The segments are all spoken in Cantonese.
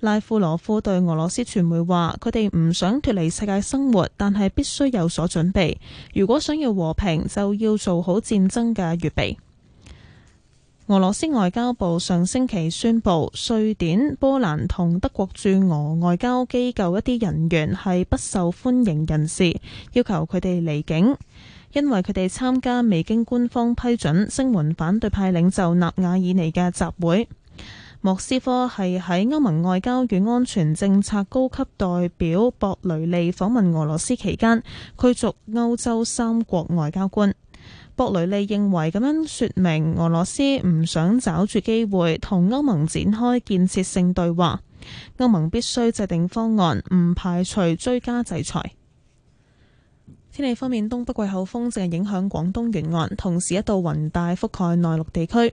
拉夫羅夫對俄羅斯傳媒話：佢哋唔想脫離世界生活，但係必須有所準備。如果想要和平，就要做好戰爭嘅預備。俄羅斯外交部上星期宣布，瑞典、波蘭同德國駐俄外交機構一啲人員係不受歡迎人士，要求佢哋離境，因為佢哋參加未經官方批准聲援反對派領袖納瓦爾尼嘅集會。莫斯科係喺歐盟外交與安全政策高級代表博雷利訪問俄羅斯期間，驅逐歐洲三國外交官。博雷利認為咁樣説明俄羅斯唔想找住機會同歐盟展開建設性對話。歐盟必須制定方案，唔排除追加制裁。天氣方面，東北季候風正影響廣東沿岸，同時一道雲帶覆蓋內陸地區。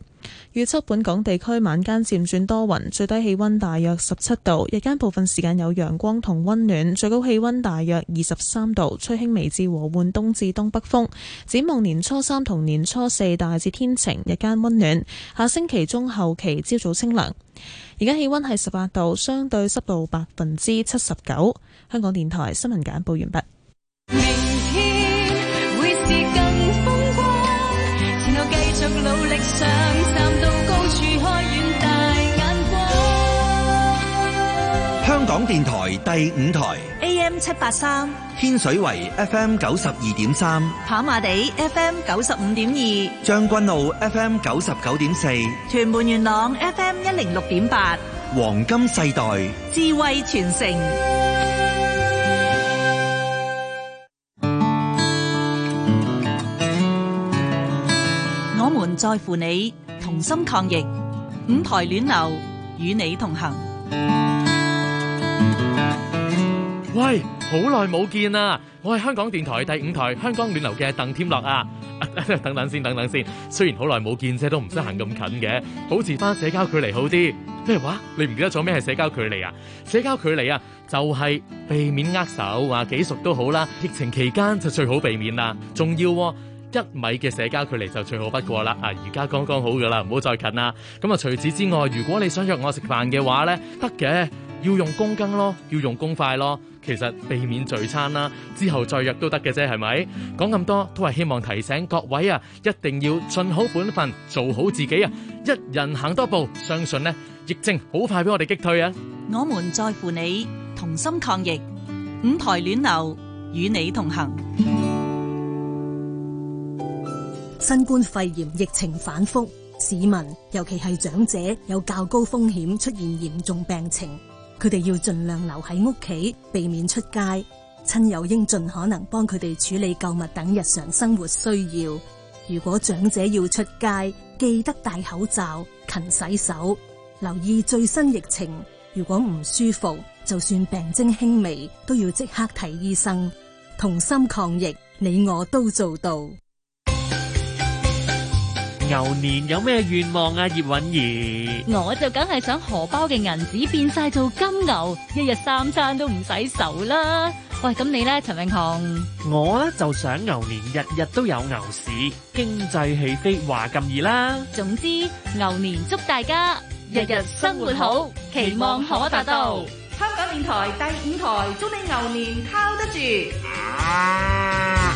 預測本港地區晚間漸轉多雲，最低氣溫大約十七度，日間部分時間有陽光同溫暖，最高氣溫大約二十三度，吹輕微至和緩東至東北風。展望年初三同年初四大致天晴，日間溫暖。下星期中後期朝早清涼。而家氣溫係十八度，相對濕度百分之七十九。香港電台新聞簡報完畢。港電台第五台 AM 七八三，天水圍 FM 九十二點三，跑馬地 FM 九十五點二，將軍澳 FM 九十九點四，屯門元朗 FM 一零六點八，黃金世代智慧傳承，我們在乎你，同心抗疫，五台暖流與你同行。喂，好耐冇見啦！我係香港電台第五台香港暖流嘅鄧添樂啊！ 等等先，等等先。雖然好耐冇見，啫，都唔使行咁近嘅，保持翻社交距離好啲。咩話？你唔記得咗咩係社交距離啊？社交距離啊，就係、是、避免握手，啊，幾熟都好啦。疫情期間就最好避免啦。仲要、啊、一米嘅社交距離就最好不過啦。啊，而家剛剛好噶啦，唔好再近啦。咁啊，除此之外，如果你想約我食飯嘅話呢，得嘅。要用公羹咯，要用公筷咯。其實避免聚餐啦，之後再約都得嘅啫，係咪？講咁多都係希望提醒各位啊，一定要盡好本分，做好自己啊。一人行多步，相信呢疫症好快俾我哋擊退啊！我們在乎你，同心抗疫，五台暖流與你同行。新冠肺炎疫情反覆，市民尤其係長者有較高風險出現嚴重病情。佢哋要盡量留喺屋企，避免出街。親友應盡可能幫佢哋處理購物等日常生活需要。如果長者要出街，記得戴口罩、勤洗手，留意最新疫情。如果唔舒服，就算病徵輕微，都要即刻睇醫生。同心抗疫，你我都做到。牛年有咩願望啊？葉韻儀，我就梗係想荷包嘅銀紙變晒做金牛，一日三餐都唔使愁啦。喂，咁你咧？陳永航，我咧就想牛年日日都有牛市，經濟起飛話咁易啦。總之牛年祝大家日日生活好，期望可達到。香港電台第五台祝你牛年靠得住。啊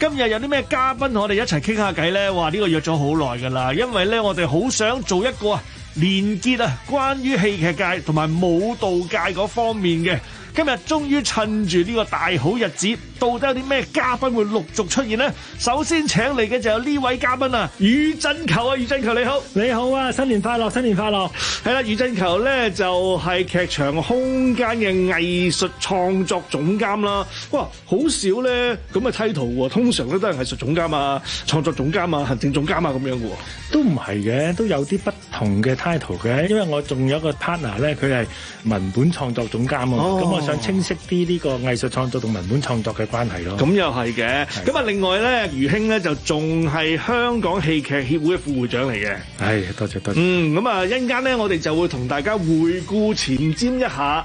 今日有啲咩嘉賓同我哋一齊傾下偈咧？哇！呢個約咗好耐噶啦，因為咧我哋好想做一個啊，連結啊，關於戲劇界同埋舞蹈界嗰方面嘅。今日終於趁住呢個大好日子，到底有啲咩嘉賓會陸續出現呢？首先請嚟嘅就有呢位嘉賓啊，余振球啊，余振球你好，你好啊，新年快樂，新年快樂。係啦、嗯，余振球咧就係、是、劇場空間嘅藝術創作總監啦。哇，好少咧咁嘅 title 喎、啊，通常都都係藝術總監啊、創作總監啊、行政總監啊咁樣嘅喎。都唔係嘅，都有啲不同嘅 title 嘅，因為我仲有一個 partner 咧，佢係文本創作總監啊，咁、哦、我。想清晰啲呢個藝術創作同文本創作嘅關係咯。咁又係嘅。咁啊，另外咧，余兄咧就仲係香港戲劇協會嘅副會長嚟嘅。係，多謝多謝。嗯，咁啊，一陣間咧，我哋就會同大家回顧前瞻一下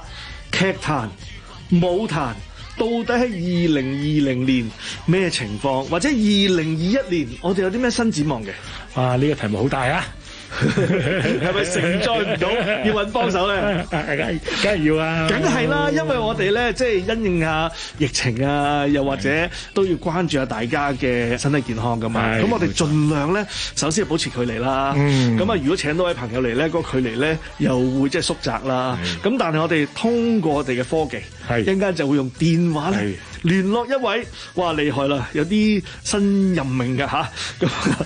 劇壇、舞壇到底喺二零二零年咩情況，或者二零二一年我哋有啲咩新展望嘅。啊，呢、這個題目好大啊！係咪承載唔到要搵幫手咧？梗係要啊！梗係啦，因為我哋咧即係因應下疫情啊，又或者都要關注下大家嘅身體健康㗎嘛。咁的我哋盡量咧，首先保持距離啦。咁啊，如果請多位朋友嚟咧，嗰、個距離咧又會即係縮窄啦。咁是的 但係我哋通過我哋嘅科技，一陣間就會用電話嚟。聯絡一位，哇厲害啦，有啲新任命㗎吓，咁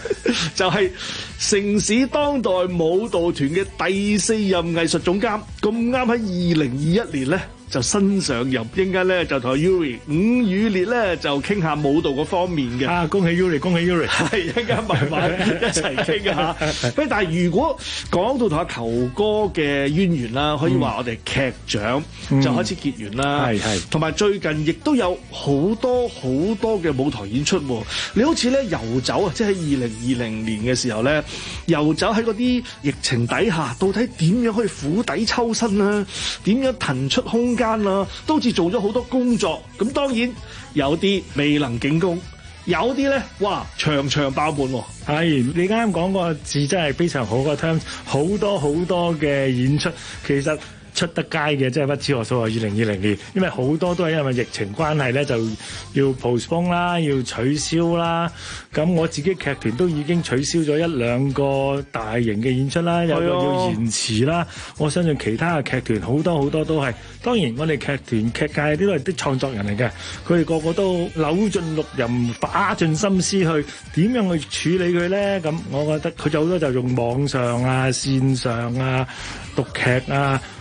就係城市當代舞蹈團嘅第四任藝術總監，咁啱喺二零二一年咧。就身上入，陣間咧就同阿 Yuri 伍宇烈咧就傾下舞蹈方面嘅。啊，恭喜 Yuri 恭喜 Yuri！係陣間慢慢一齊傾啊。咁但係如果講到同阿球哥嘅淵源啦，可以話我哋劇場就開始結緣啦。係係，同埋最近亦都有好多好多嘅舞台演出，你好似咧遊走啊，即係二零二零年嘅時候咧遊走喺啲疫情底下，到底點樣可以釜底抽薪啊？點樣騰出空？間啦，都似做咗好多工作，咁當然有啲未能警攻，有啲咧哇場場爆滿喎。係你啱啱講個字真係非常好個聽，好多好多嘅演出，其實。出得街嘅真係不知何數啊！二零二零年，因為好多都係因為疫情關係咧，就要 postpone 啦，要取消啦。咁我自己劇團都已經取消咗一兩個大型嘅演出啦，又要延遲啦。哦、我相信其他嘅劇團好多好多都係當然我劇團，我哋劇團劇界啲都係啲創作人嚟嘅，佢哋個個都扭盡六壬花盡心思去點樣去處理佢咧。咁我覺得佢就好多就用網上啊、線上啊讀劇啊。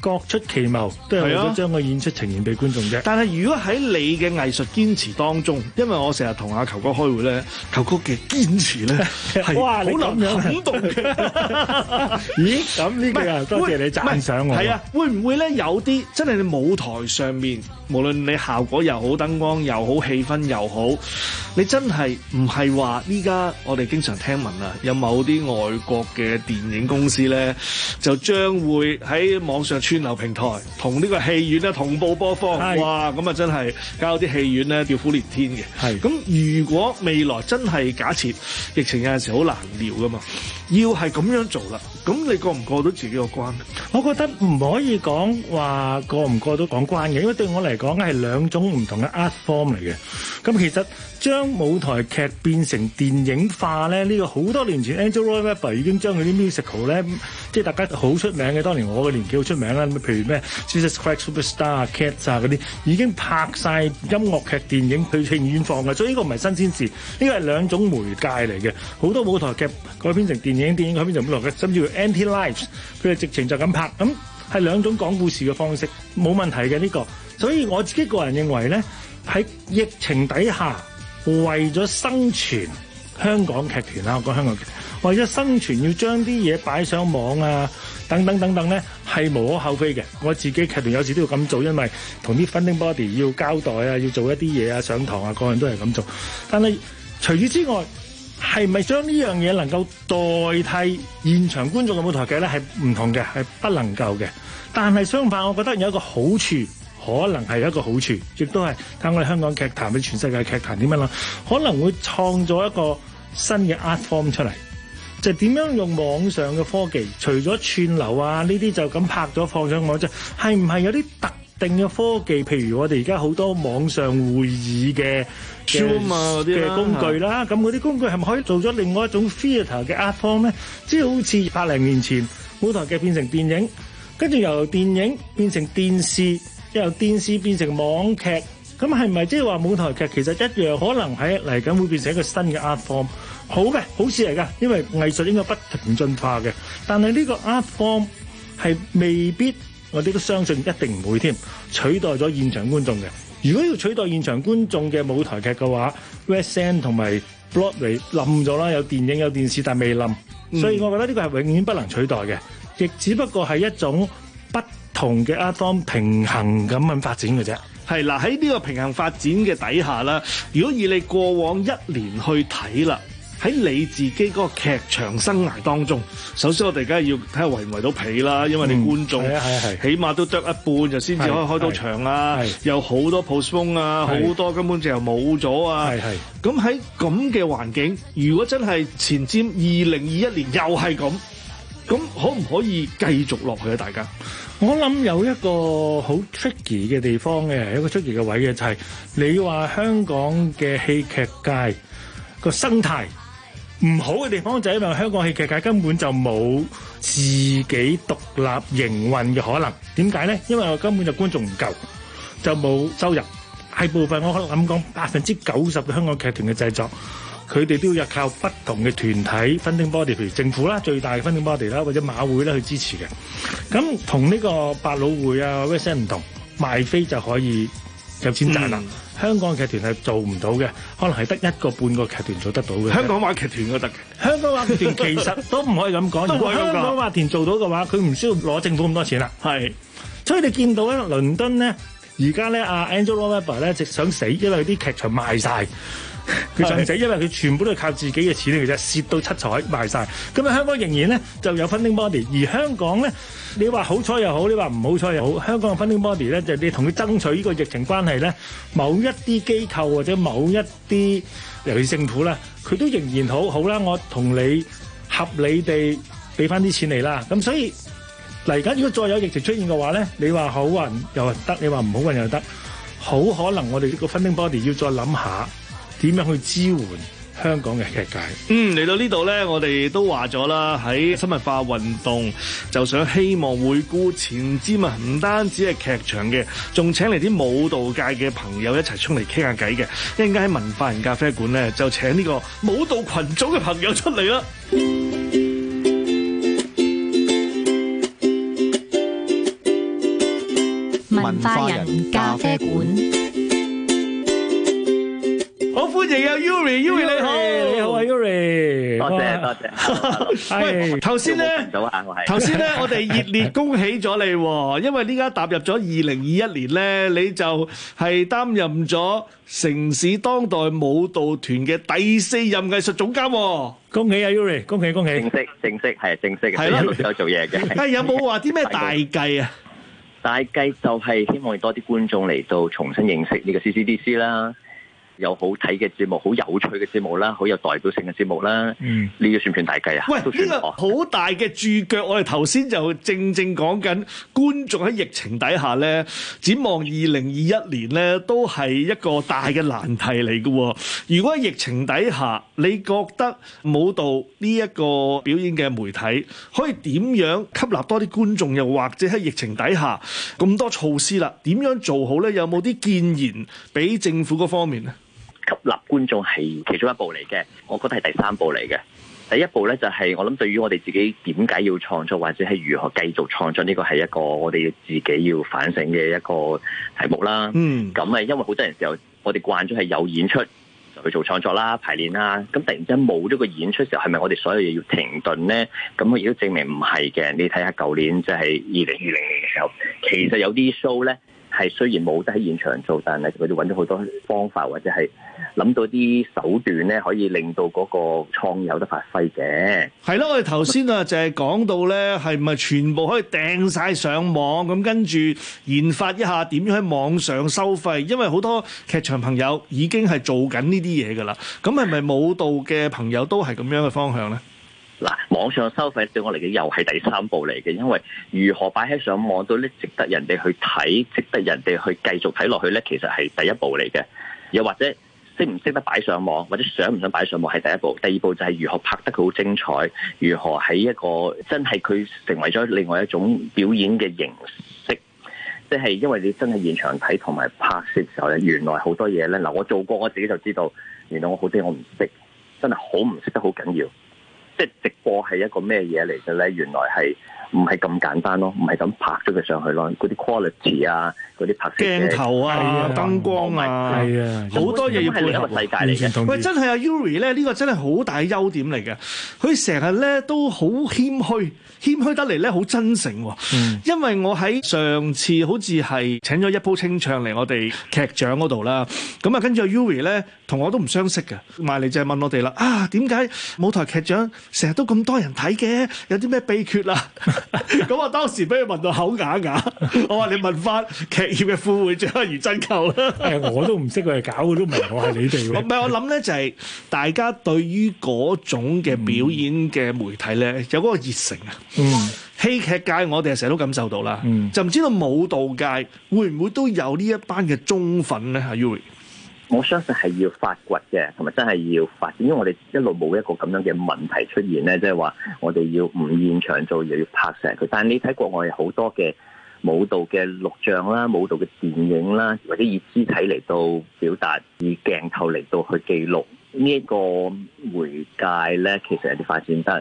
各出奇謀，都係為咗將個演出呈現俾觀眾啫。但係如果喺你嘅藝術堅持當中，因為我成日同阿球哥開會咧，球哥嘅堅持咧，係哇，好諗很冷酷嘅。 咦？咁呢個啊，多謝，謝你讚賞不我。係啊，會唔會咧有啲真係你舞台上面，無論你效果又好，燈光又好，氣氛又好，你真係唔係話依家我哋經常聽聞啊，有某啲外國嘅電影公司咧，就將會喺網上。串流平台同呢個戲院咧同步播放，是哇！咁啊真係搞啲戲院咧叫苦連天嘅。咁是如果未來真係假設疫情有陣時好難料噶嘛，要係咁樣做啦。咁你過唔過到自己個關？我覺得唔可以講話過唔過到講關嘅，因為對我嚟講係兩種唔同嘅 art form 嚟嘅。咁其實將舞台劇變成電影化咧，呢個好多年前 Andrew Lloyd Webber 已經將佢啲 musical 咧，即係大家好出名嘅。當年我嘅年紀好出名啦，譬如咩《Jesus Christ Superstar》啊、《Cats》啊嗰啲，已經拍曬音樂劇電影去影院放嘅。所以呢個唔係新鮮事，呢個係兩種媒介嚟嘅。好多舞台劇改編成電影，電影改編成舞台劇，甚至要。Anti lives，佢哋直情就咁拍，咁、嗯、係兩種講故事嘅方式，冇問題嘅呢、呢個。所以我自己個人認為咧，喺疫情底下，為咗生存，香港劇團啊，我講香港劇團，為咗生存要將啲嘢擺上網啊，等等等等咧，係無可厚非嘅。我自己劇團有時都要咁做，因為同啲 funding body 要交代啊，要做一啲嘢啊，上堂啊，個人都係咁做。但係除此之外，係咪將呢樣嘢能夠代替現場觀眾嘅舞台劇咧？係唔同嘅，係不能夠嘅。但係相反，我覺得有一個好處，可能係有一個好處，亦都係睇我哋香港劇壇俾全世界劇壇點樣啦。可能會創造一個新嘅 art form 出嚟，就係點樣用網上嘅科技，除咗串流啊呢啲就咁拍咗放上網啫。係唔係有啲特定嘅科技？譬如我哋而家好多網上會議嘅。嘅工具啦，咁嗰啲工具係咪可以做咗另外一種 theatre 嘅 art form 咧？即係好似百零年前舞台劇變成電影，跟住由電影變成電視，又由電視變成網劇，咁係咪即係話舞台劇其實一樣可能喺嚟緊會變成一個新嘅 art form？好嘅，好事嚟㗎，因為藝術應該不停進化嘅。但係呢個 art form 係未必，我哋都相信一定唔會添取代咗現場觀眾嘅。如果要取代現場觀眾嘅舞台劇嘅話，West End 同埋 Broadway 冧咗啦，有電影，有電視，但未冧，嗯、所以我覺得呢個係永遠不能取代嘅，亦只不過係一種不同嘅 art form 平衡咁樣發展嘅啫。係嗱，喺呢個平衡發展嘅底下啦，如果以你過往一年去睇啦。喺你自己嗰個劇場生涯當中，首先我哋梗係要睇下圍唔圍到皮啦。因為你觀眾起碼都得一半就先至可以開到場啊。有好多 postpone 啊，好多根本就又冇咗啊。咁喺咁嘅環境，如果真係前瞻二零二一年又係咁，咁可唔可以繼續落去啊？大家我諗有一個好 tricky 嘅地方嘅，一個 tricky 嘅位嘅就係你話香港嘅戲劇界個生態。唔好嘅地方就係因為香港戲劇界根本就冇自己獨立營運嘅可能。點解咧？因為我根本就觀眾唔夠，就冇收入。大部分我可能咁講，百分之九十嘅香港劇團嘅製作，佢哋都要依靠不同嘅團體、funding body，譬如政府啦、最大嘅 funding body 啦，或者馬會啦去支持嘅。咁同呢個百老匯啊、West End 唔同，賣飛就可以。有錢賺啦！嗯、香港劇團係做唔到嘅，可能係得一個半個劇團做得到嘅。香港話劇團都得嘅，香港話劇團其實都唔可以咁講。 如果香港話劇團做到嘅話，佢唔需要攞政府咁多錢啦。係是，所以你見到咧，倫敦咧，而家咧，Andrew Lloyd Webber 咧，直想死，因為啲劇場賣晒。佢就唔使，因為佢全部都係靠自己嘅錢嚟嘅啫，蝕到七彩賣晒。咁啊，香港仍然咧就有 funding body，而香港咧，你話好彩又好，你話唔好彩又好，香港嘅 funding body 咧，就你同佢爭取呢個疫情關係咧，某一啲機構或者某一啲，尤其政府啦，佢都仍然好好啦。我同你合理地俾翻啲錢嚟啦。咁所以嚟緊，如果再有疫情出現嘅話咧，你話好運又得，你話唔好運又得，好可能我哋呢個 funding body 要再諗下點樣去支援香港嘅劇界？嗯，嚟到呢度咧，我哋都話咗啦，喺新文化運動就想希望回顧前瞻啊，唔單止係劇場嘅，仲請嚟啲舞蹈界嘅朋友一齊出嚟傾下偈嘅。一陣間喺文化人咖啡館咧，就請呢個舞蹈群組嘅朋友出嚟啦。文化人咖啡館。亦有 Yuri，Yuri 你好，你好啊 Yuri，多謝多謝。喂，頭先咧，早啊，我係頭先咧，我哋熱烈恭喜咗你，因為呢家踏入咗二零二一年咧，你就係擔任咗城市當代舞蹈團嘅第四任藝術總監，恭喜啊 Yuri，恭喜恭喜。正式正式係正式嘅，係啦，都有做嘢嘅。哎，有冇話啲咩大計啊？大計就係希望多啲觀眾嚟到重新認識呢個 CCDC 啦。有好睇嘅節目，好有趣嘅節目啦，好有代表性嘅節目啦，呢個、嗯、算唔算大計啊？喂，好大嘅注腳。我哋頭先就正正講緊觀眾喺疫情底下呢，展望二零二一年呢，都係一個大嘅難題嚟嘅，哦。如果喺疫情底下，你覺得舞蹈呢一個表演嘅媒體可以點樣吸納多啲觀眾，又或者喺疫情底下咁多措施啦，點樣做好呢？有冇啲建言俾政府嗰方面咧？吸納觀眾係其中一步嚟嘅，我覺得係第三步嚟嘅。第一步咧就係、是、我諗對於我哋自己點解要創作或者係如何繼續創作呢，這個係一個我哋自己要反省嘅一個題目啦。嗯，咁啊因為好多人時候我哋慣咗係有演出去做創作啦排練啦，咁突然之間冇咗個演出時候，係咪我哋所有嘢要停頓咧？咁亦都證明唔係嘅。你睇下舊年即係二零二零年嘅時候，其實有啲 show 咧。係雖然冇得喺現場做，但係佢哋揾咗好多方法，或者係諗到啲手段咧，可以令到嗰個創有得發揮嘅。係咯音訊，我哋頭先啊，就係講到咧，係咪全部可以掟晒上網咁，跟住研發一下點樣喺網上收費？因為好多劇場朋友已經係做緊呢啲嘢噶啦。咁係咪舞蹈嘅朋友都係咁樣嘅方向咧？嗱，網上收費對我嚟講又係第三步嚟嘅，因為如何擺喺上網度咧，值得人哋去睇，值得人哋去繼續睇落去咧，其實係第一步嚟嘅。又或者識唔識得擺上網，或者想唔想擺上網係第一步，第二步就係如何拍得佢好精彩，如何喺一個真係佢成為咗另外一種表演嘅形式，即係因為你真係現場睇同埋拍攝嘅時候咧，原來好多嘢咧，嗱我做過我自己就知道，原來我好多嘢我唔識，真係好唔識得好緊要。即係直播係一個咩嘢嚟嘅咧？原來係。唔係咁簡單咯，唔係咁拍咗佢上去咯，嗰啲 quality 啊，嗰啲拍攝鏡頭啊，啊燈光啊，係啊，好、啊、多嘢要配合世界嚟嘅。喂，真係啊，Yuri 咧，uri 呢、呢個真係好大嘅優點嚟嘅。佢成日咧都好謙虛，謙虛得嚟咧好真誠、哦。嗯，因為我喺上次好似係請咗一鋪清唱嚟我哋劇獎嗰度啦，咁啊跟住啊 Yuri 咧同我都唔相識嘅，埋嚟就係問我哋啦。啊，點解舞台劇獎成日都咁多人睇嘅？有啲咩秘訣啊？ 咁啊！ 當時俾佢問到口啞啞，我話你問翻劇業嘅副會長余振球啦。誒，我都唔識佢哋搞，我都唔明，我係你哋。唔係我諗咧，就係、是、大家對於嗰種嘅表演嘅媒體咧，有嗰個熱誠啊。嗯，嗯戲劇界我哋成日都感受到啦。嗯、就唔知道舞蹈界會唔會都有呢一班嘅忠粉咧，阿、啊、Yuri? 我相信係要發掘嘅，同埋真係要發展。因為我哋一路冇一個咁樣嘅問題出現咧，即係話我哋要唔現場做嘢，要拍成佢。但係你睇國外好多嘅舞蹈嘅錄像啦，舞蹈嘅電影啦，或者以肢體嚟到表達，以鏡頭嚟到去記錄、這個、呢一個媒介咧，其實人哋發展得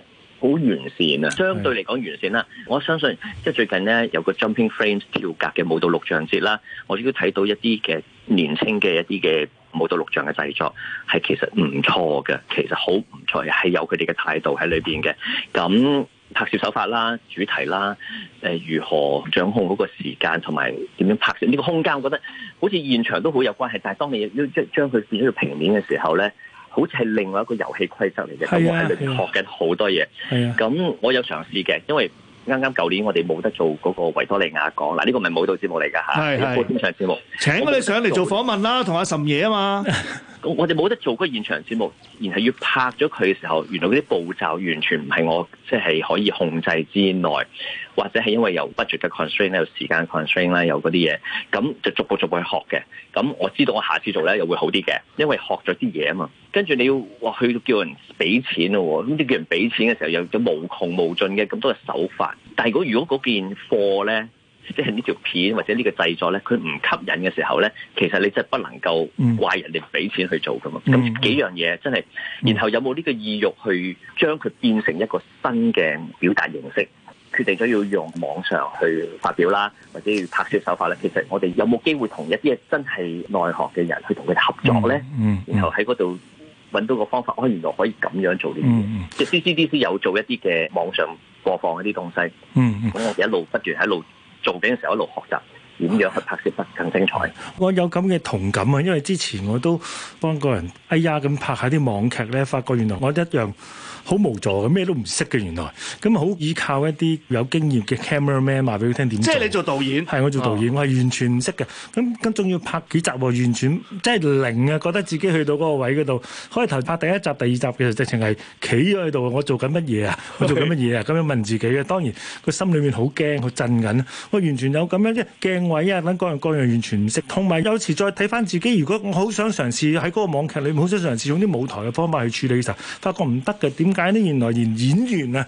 好完善啊。相對嚟講完善啦，我相信即係最近咧有個 Jumping Frames 跳格嘅舞蹈錄像節啦，我亦都睇到一啲嘅年輕嘅一啲嘅。冇到錄像嘅製作係其實唔錯嘅，其實好唔錯嘅，係有佢哋嘅態度喺裏邊嘅。咁拍攝手法啦、主題啦、誒、呃、如何掌控嗰個時間同埋點樣拍攝呢個空間，我覺得好似現場都好有關係。但係當你要即係將佢變咗個平面嘅時候咧，好似係另外一個遊戲規則嚟嘅。係啊，我喺裏邊學緊好多嘢。係啊，咁、啊啊、我有嘗試嘅，因為。啱啱舊年我哋冇得做嗰個維多利亞港嗱，呢、這個咪舞蹈節目嚟㗎嚇，播天長節目請你上嚟做訪問啦，同阿岑爺啊嘛。 我哋冇得做嗰個現場節目，然後要拍咗佢嘅時候，原來嗰啲步驟完全唔係我即係、就是、可以控制之內，或者係因為有 budget 嘅 constraint，有時間 constraint 啦，有嗰啲嘢，咁就逐步逐步去學嘅。咁我知道我下次做咧又會好啲嘅，因為學咗啲嘢啊嘛。跟住你要話去叫人俾錢咯，咁你叫人俾錢嘅時候又有咗無窮無盡嘅咁多嘅手法，但係如果如果嗰件貨咧。即係呢條片或者呢個製作咧，佢唔吸引嘅時候咧，其實你真係不能夠怪人哋俾錢去做㗎嘛。咁、嗯、幾樣嘢真係，然後有冇呢個意欲去將佢變成一個新嘅表達形式？決定咗要用網上去發表啦，或者要拍攝手法咧。其實我哋有冇機會同一啲真係內行嘅人去同佢哋合作咧？嗯嗯嗯、然後喺嗰度揾到個方法，哦，原來可以咁樣做啲嘢。嗯嗯嗯嗯、即係 CCDC 有做一啲嘅網上播放一啲東西。嗯咁我哋一路不斷喺度。做緊嘅時候一路學習點樣去拍攝得更精彩。我有咁嘅同感啊，因為之前我都幫個人哎呀咁拍下啲網劇呢，發覺原來我一樣。好無助嘅，咩都唔識嘅原來，咁好依靠一啲有經驗嘅 camera man 話俾佢聽點做。即係你做導演，係我做導演，啊、我係完全唔識嘅。咁咁仲要拍幾集喎？完全即係零啊！覺得自己去到嗰個位嗰度，開頭拍第一集、第二集嘅直情係企咗喺度，我做緊乜嘢啊？我做緊乜嘢啊？咁是樣問自己嘅。當然個心裏面好驚，好震緊。我完全有咁樣嘅鏡位啊，等各，各樣各樣完全唔識。同埋有，有時再睇翻自己，如果我好想嘗試喺嗰個網劇裏面，好想嘗試用啲舞台嘅方法去處理嘅時候，發覺唔得嘅點？點解呢？原來連演員啊，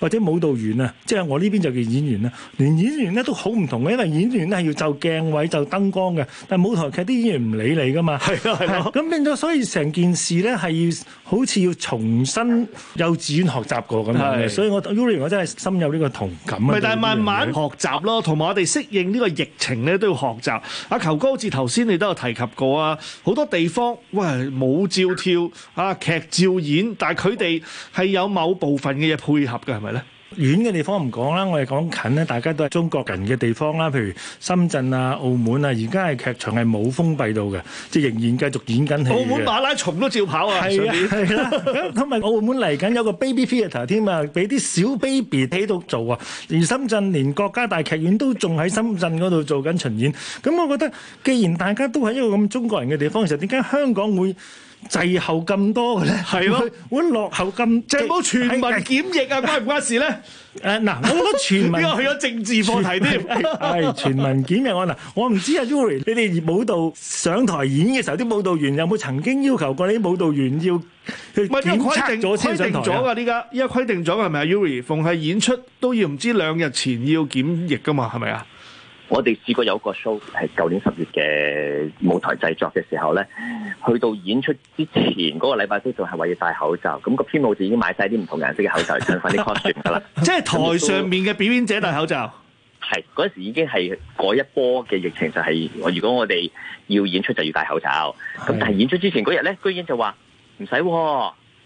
或者舞蹈員啊，即係我呢邊就叫演員啦。連演員咧都好唔同嘅，因為演員咧係要就鏡位、就燈光嘅。但係舞台劇啲演員唔理你噶嘛，係咯，係咯。咁、哦、變咗，所以成件事咧係要好似要重新幼稚園學習過咁樣。的所以我 Yuri，我真係深有呢個同感啊。是但係慢慢對學習咯，同埋我哋適應呢個疫情咧都要學習。阿、啊、球哥，好似頭先你都有提及過啊，好多地方喂舞照跳啊，劇照演，但係佢哋。係有某部分嘅嘢配合嘅係咪咧？是是遠嘅地方唔講啦，我哋講近咧，大家都係中國人嘅地方啦。譬如深圳啊、澳門啊，而家係劇場係冇封閉到嘅，即係仍然繼續演緊戲。澳門馬拉松都照跑啊！係啊，因為順便、 啊啊、澳門嚟緊有個 baby theatre 添啊，俾啲小 baby 喺度做啊。而深圳連國家大劇院都仲喺深圳嗰度做緊巡演。咁我覺得，既然大家都喺一個咁中國人嘅地方其實，點解香港會？滯後咁多嘅咧，係咯的，會落後咁。冇全民檢疫啊，關唔關事咧？誒，嗱、啊，好、呃、多全民。點解去咗政治課題添？係全民檢疫 我嗱、啊，我唔知啊，Yuri，你哋舞蹈上台演嘅時候，啲舞蹈員有冇曾經要求過你啲舞蹈員要去檢測咗先上台？唔係，因為規定咗噶，依家，依家規定咗係咪啊？Yuri，逢係演出都要唔知兩日前要檢疫噶嘛？係咪啊？我哋試過有個 show 係舊年十月嘅舞台製作嘅時候咧，去到演出之前嗰、那個禮拜都仲係話要戴口罩，咁、那個編舞就已經買晒啲唔同顏色嘅口罩嚟分散啲 costume 噶啦。即係、 嗯、台上面嘅表演者戴口罩，係嗰時已經係嗰一波嘅疫情就係、是、我如果我哋要演出就要戴口罩，咁的但係演出之前嗰日咧，居然就話唔使。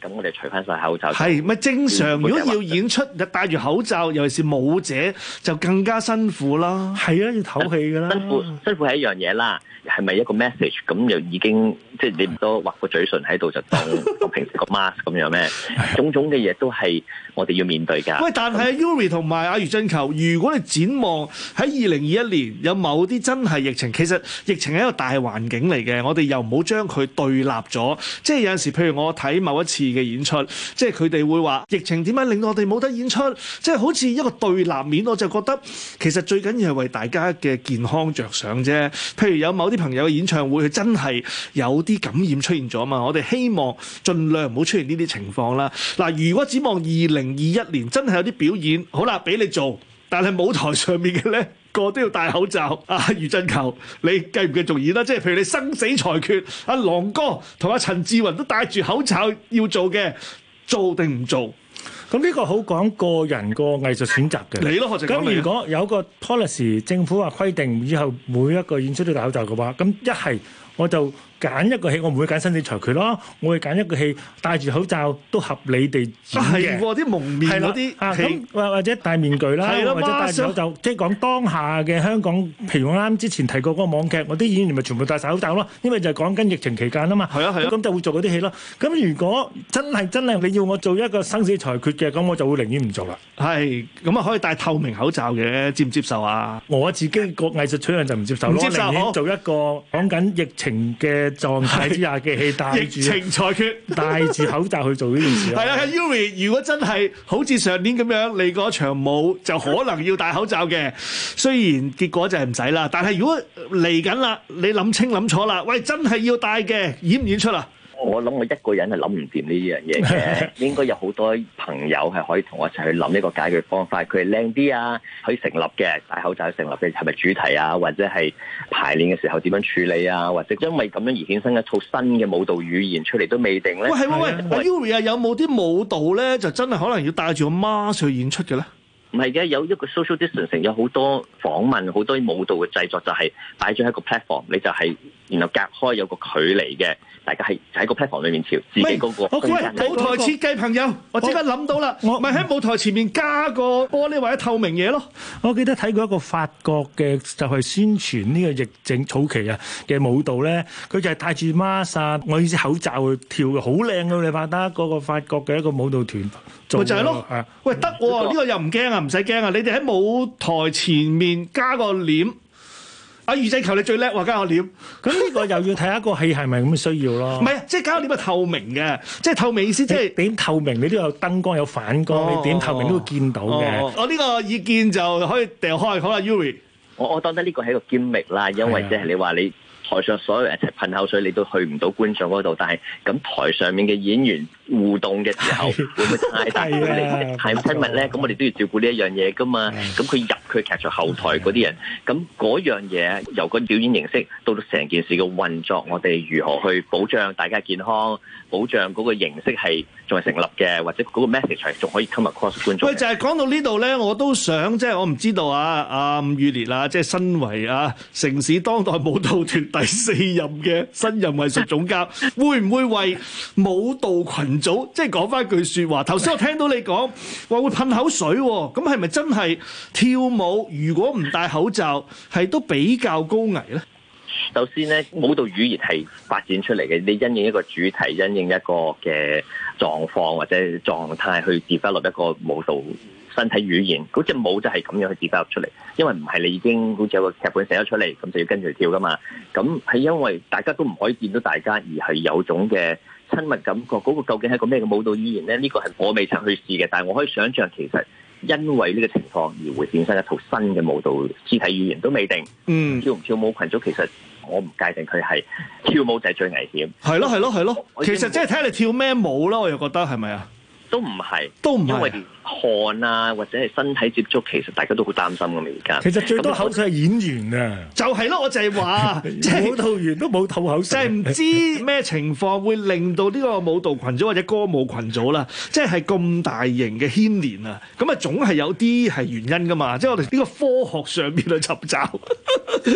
咁我哋除翻晒口罩，係咪正常？要如果要演出，就戴住口罩，尤其是舞者，就更加辛苦啦。係啊，要唞氣㗎啦。辛苦辛苦係一樣嘢啦。係咪一個 message？咁又已經的即係你唔多畫個嘴唇喺度，就當 平時個 mask 咁樣咩？ 種種嘅嘢都係我哋要面對㗎。的喂，但係啊 Yuri 同埋阿余振球，如果你展望喺二零二一年，有某啲真係疫情，其實疫情係一個大環境嚟嘅。我哋又唔好將佢對立咗。即係有陣時譬如我睇某一次嘅演出，即係佢哋會話疫情點解令到我哋冇得演出，即係好似一個對立面。我就覺得其實最緊要係為大家嘅健康着想啫。譬如有某啲朋友嘅演唱會，佢真係有啲感染出現咗嘛？我哋希望盡量唔好出現呢啲情況啦。嗱，如果只望二零二一年真係有啲表演，好啦，俾你做，但係舞台上面嘅呢。個都要戴口罩。阿、啊、余振球，你繼唔繼續演啦？即係譬如你生死裁決，阿、啊、郎哥同阿、啊、陳志雲都戴住口罩要做嘅，做定唔做？咁呢個好講個人個藝術選擇嘅。你咯，何哲光。咁如果有一個 policy，政府話規定以後每一個演出都戴口罩嘅話，咁一係我就。揀一個戲，我唔會揀生死裁決咯。我會揀一個戲，戴住口罩都合理地演嘅。係喎，啲蒙面嗰啲啊，咁或或者戴面具啦，或者戴口罩，即係講當下嘅香港。譬如我啱之前提過嗰個網劇，我啲演員咪全部戴晒口罩咯。因為就係講緊疫情期間啊嘛。係啊係啊。咁就會做嗰啲戲咯。咁如果真係真係你要我做一個生死裁決嘅，咁我就會寧願唔做啦。係，咁啊可以戴透明口罩嘅，接唔接受啊？我自己個藝術取向就唔接受咯，寧願做一個講緊疫情嘅。狀態之下嘅戲，戴住疫情裁決，戴住 口罩去做呢件事。係 啊，Yuri，如果真係好似上年咁樣你嗰場舞，就可能要戴口罩嘅。雖然結果就係唔使啦，但係如果嚟緊啦，你諗清諗楚啦，喂，真係要戴嘅，演唔演出啦？我諗我一個人係諗唔掂呢樣嘢嘅，應該有好多朋友係可以同我一齊去諗呢個解決方法。佢係靚啲啊，可以成立嘅戴口罩成立嘅係咪主題啊？或者係排練嘅時候點樣處理啊？或者因為咁樣而衍生一套新嘅舞蹈語言出嚟都未定咧。喂喂喂，喂，喂 u 有冇啲舞蹈咧？就真係可能要帶住個媽，媽去演出嘅咧？唔係嘅，有一個 social distancing 有好多訪問，好多舞蹈嘅製作就係擺咗一個 platform，你就係、是。然後隔開有個距離嘅，大家係喺個 pat 房裏面潮自己嗰個。唔係，我喂舞台設計朋友，我即刻諗到啦，我咪喺舞台前面加個玻璃或者透明嘢咯。我記得睇過一個法國嘅就係宣傳呢個疫症早期啊嘅舞蹈咧，佢就係戴住 mask，我意思口罩去跳，好靚嘅你拍得嗰個法國嘅一個舞蹈團咪就係咯，誒，喂得喎，呢個又唔驚啊，唔使驚啊，你哋喺舞台前面加個簾。啊，余振球你最叻話膠簾，咁呢個又要睇下個戲係咪咁嘅需要咯。唔係，即係膠簾係透明嘅，即係透明意思，即係點透明你都有燈光有反光，你點透明都會見到嘅。我呢個意見就可以掉開，好啦，Yuri，我我覺得呢個係一個兼職啦，因為即係你話你台上所有人一齊噴口水，你都去唔到觀眾嗰度，但係咁台上面嘅演員。互動嘅時候會唔會太大距離？係咁親密咧，咁我哋都要照顧呢一樣嘢噶嘛。咁佢入佢劇場後台嗰啲人，咁嗰樣嘢由個表演形式到到成件事嘅運作，我哋如何去保障大家健康？保障嗰個形式係仲係成立嘅，或者嗰個 message 係仲可以 come across 觀眾。喂，就係講到呢度咧，我都想即係我唔知道啊，阿伍宇烈啊，即係身為啊城市當代舞蹈團第四任嘅新人藝術總監，會唔會為舞蹈群？早即係講翻一句說話，頭先我聽到你講話會噴口水喎，咁係咪真係跳舞？如果唔戴口罩，係都比較高危呢。首先呢，舞蹈語言係發展出嚟嘅，你因應一個主題，因應一個嘅狀況或者狀態去 develop 一個舞蹈身體語言，嗰隻舞就係咁樣去 develop 出嚟。因為唔係你已經好似有個劇本寫咗出嚟，咁就要跟住跳噶嘛。咁係因為大家都唔可以見到大家，而係有種嘅。親密感覺嗰個究竟係個咩嘅舞蹈語言咧？呢個係我未曾去試嘅，但係我可以想象，其實因為呢個情況而會變身一套新嘅舞蹈肢體語言都未定。嗯，跳唔跳舞群組其實我唔界定佢係跳舞就係最危險。係咯，係咯，係咯，其實即係睇下你跳咩舞囉，我又覺得係咪啊？都唔係，都唔係、啊、因為汗啊，或者係身體接觸其實大家都好擔心咁啊！而家其實最多口水係演員啊，我就係咯，我就係話，即係舞蹈員都冇吐口水，就係唔知咩情況會令到呢個舞蹈群組或者歌舞群組啦，即係咁大型嘅牽連啊，咁啊總係有啲係原因噶嘛，即係我哋呢個科學上邊去尋找，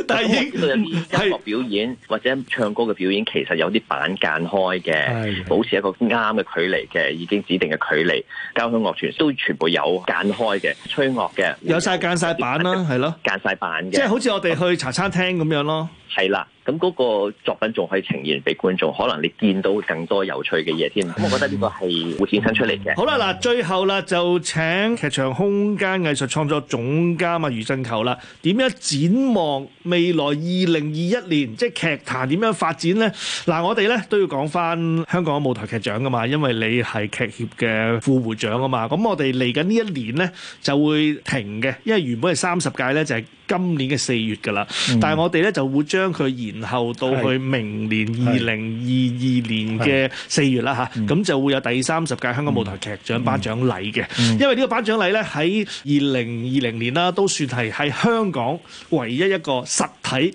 但係有啲音樂表演是或者唱歌嘅表演，其實有啲板間開嘅，保持一個啱嘅距離嘅，已經指定嘅。距離交響樂團都全部有間開嘅吹樂嘅，有晒間曬板啦，係咯了，間曬板嘅，即係好似我哋去茶餐廳咁樣咯，係啦。咁嗰個作品仲可以呈現俾觀眾，可能你見到更多有趣嘅嘢添。咁我覺得呢個係會衍生出嚟嘅。 好啦，嗱，最後啦，就請劇場空間藝術創作總監啊，余振球啦，點樣展望未來二零二一年，即係劇壇點樣發展呢？嗱，我哋呢都要講翻香港舞台劇獎噶嘛，因為你係劇協嘅副會長啊嘛。咁我哋嚟緊呢一年呢就會停嘅，因為原本係三十屆呢就係、是。今年嘅四月噶啦，嗯、但係我哋咧就會將佢延後到去明年二零二二年嘅四月啦吓，咁、嗯、就會有第三十屆香港舞台劇獎頒獎禮嘅，嗯、因為呢個頒獎禮咧喺二零二零年啦，都算係喺香港唯一一個實體。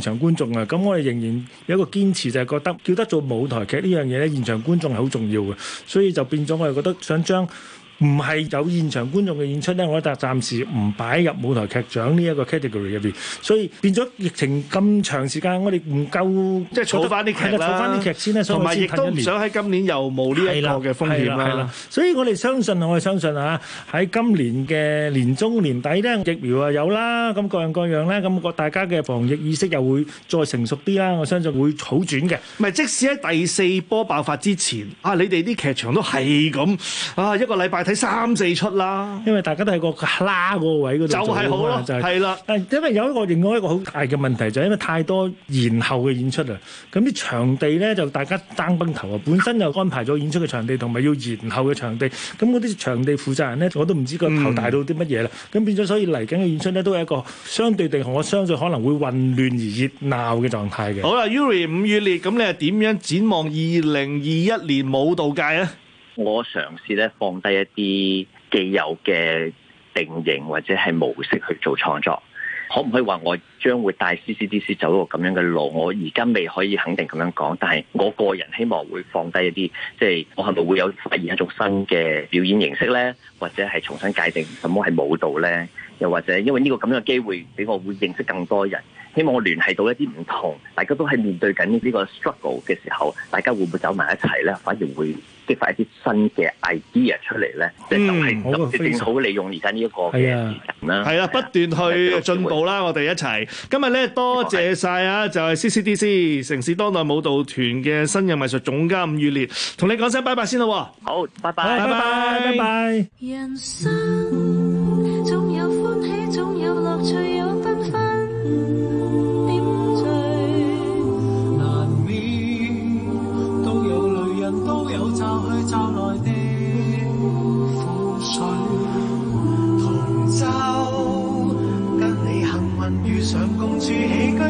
現場觀眾啊，咁我哋仍然有一個堅持，就係覺得叫得做舞台劇呢樣嘢咧，現場觀眾係好重要嘅，所以就變咗我哋覺得想將。唔係有現場觀眾嘅演出咧，我覺得暫時唔擺入舞台劇獎呢一個 category 入邊，所以變咗疫情咁長時間，我哋唔夠即係做翻啲劇啦，做翻啲劇先咧。同埋亦都唔想喺今年又冇呢一個嘅風險啦。所以我哋相信，我哋相信啊，喺今年嘅年中年底咧，疫苗啊有啦，咁各樣各樣咧，咁個大家嘅防疫意識又會再成熟啲啦。我相信會好轉嘅。唔係即使喺第四波爆發之前啊，你哋啲劇場都係咁啊，一個禮拜三四出啦，因為大家都喺個拉嗰、那個位嗰度就咯，好係就係、是、啦。誒的，因為有一個另外一個好大嘅問題就係、是、因為太多延後嘅演出啊。咁啲場地咧就大家爭崩頭啊。本身又安排咗演出嘅場地同埋要延後嘅場地。咁嗰啲場地負責人咧，我都唔知個頭大到啲乜嘢啦。咁、嗯、變咗，所以嚟緊嘅演出咧，都係一個相對地，我相信可能會混亂而熱鬧嘅狀態嘅。好啦 Yuri 伍宇烈，咁你係點樣展望二零二一年舞蹈界啊？我嘗試咧放低一啲既有嘅定型或者係模式去做創作，可唔可以話我將會帶 CCDC 走一個咁樣嘅路？我而家未可以肯定咁樣講，但係我個人希望會放低一啲，即係我係咪會有發現一種新嘅表演形式呢？或者係重新界定什麼係舞蹈呢？又或者因為呢個咁樣嘅機會，俾我會認識更多人，希望我聯繫到一啲唔同，大家都係面對緊呢個 struggle 嘅時候，大家會唔會走埋一齊咧？反而會激發一啲新嘅 idea 出嚟咧，即係就係正好利用而家呢一個嘅時間啦。係啊，不斷去進步啦，我哋一齊。今日咧多謝曬啊，就係 CCDC 城市當代舞蹈團嘅新任藝術總監伍宇烈，同你講聲拜拜先啦。好，拜拜，拜拜，拜拜。